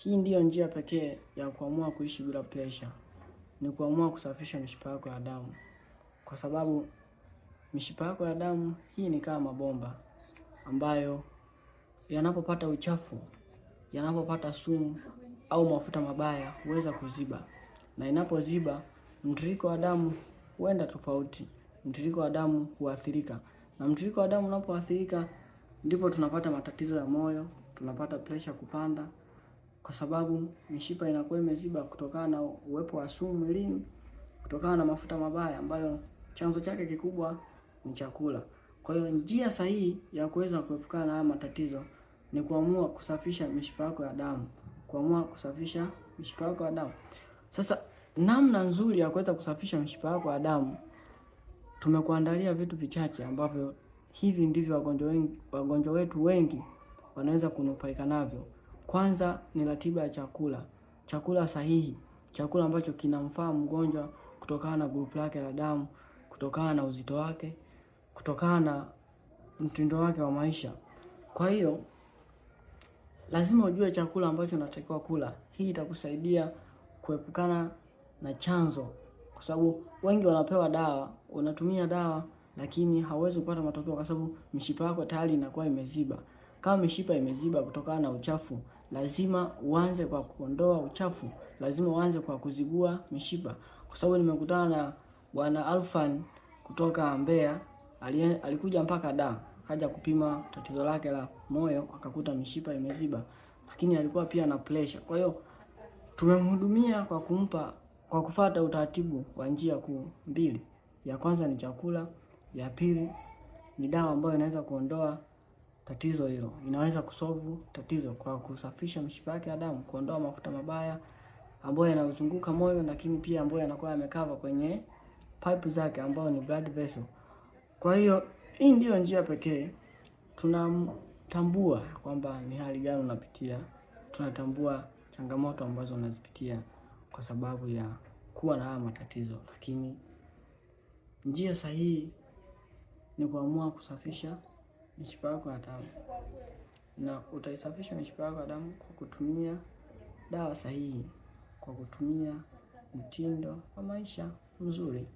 Hii ndiyo njia pekee ya kuamua kuishi bila presha, ni kuamua kusafisha mishipa yako ya damu, kwa sababu mishipa yako ya damu hii ni kama mabomba ambayo yanapopata uchafu, yanapopata sumu au mafuta mabaya huweza kuziba, na inapoziba mtiririko wa damu huenda tofauti, mtiririko wa damu huathirika, na mtiririko wa damu unapoathirika ndipo tunapata matatizo ya moyo, tunapata presha kupanda kwa sababu mishipa inakuwa imeziba kutokana na uwepo wa sumu mwilini, kutokana na mafuta mabaya ambayo chanzo chake kikubwa ni chakula. Kwa hiyo njia sahihi ya kuweza kuepukana na haya matatizo ni kuamua kusafisha mishipa yako ya damu, kuamua kusafisha mishipa yako ya damu. Sasa namna nzuri ya kuweza kusafisha mishipa yako ya damu, tumekuandalia vitu vichache ambavyo hivi ndivyo wagonjwa wengi, wagonjwa wetu wengi wanaweza kunufaika navyo. Kwanza ni ratiba ya chakula, chakula sahihi, chakula ambacho kinamfaa mgonjwa kutokana na grupu lake la damu, kutokana na uzito wake, kutokana na mtindo wake wa maisha. Kwa hiyo lazima ujue chakula ambacho unatakiwa kula. Hii itakusaidia kuepukana na chanzo, kwa sababu wengi wanapewa dawa, unatumia dawa lakini hauwezi kupata matokeo kwa sababu mishipa yako tayari inakuwa imeziba. Kama mishipa imeziba kutokana na uchafu lazima uanze kwa kuondoa uchafu, lazima uanze kwa kuzigua mishipa, kwa sababu nimekutana na bwana Alfan kutoka Mbeya, alikuja mpaka da kaja kupima tatizo lake la moyo, akakuta mishipa imeziba, lakini alikuwa pia na pressure. Kwa hiyo tumemhudumia kwa kumpa kwa kufata utaratibu wa njia kuu mbili, ya kwanza ni chakula, ya pili ni dawa ambayo inaweza kuondoa tatizo hilo. Inaweza kusovu tatizo kwa kusafisha mishipa yake ya damu, kuondoa mafuta mabaya ambayo yanazunguka moyo, lakini pia ambayo yanakuwa yamekava kwenye pipe zake ambayo ni blood vessel. Kwa hiyo hii ndiyo njia pekee tunatambua kwamba ni hali gani unapitia, tunatambua changamoto ambazo unazipitia kwa sababu ya kuwa na haya matatizo, lakini njia sahihi ni kuamua kusafisha mishipa yako ya damu, na utaisafisha mishipa yako ya damu kwa kutumia dawa sahihi, kwa kutumia mtindo wa maisha mzuri.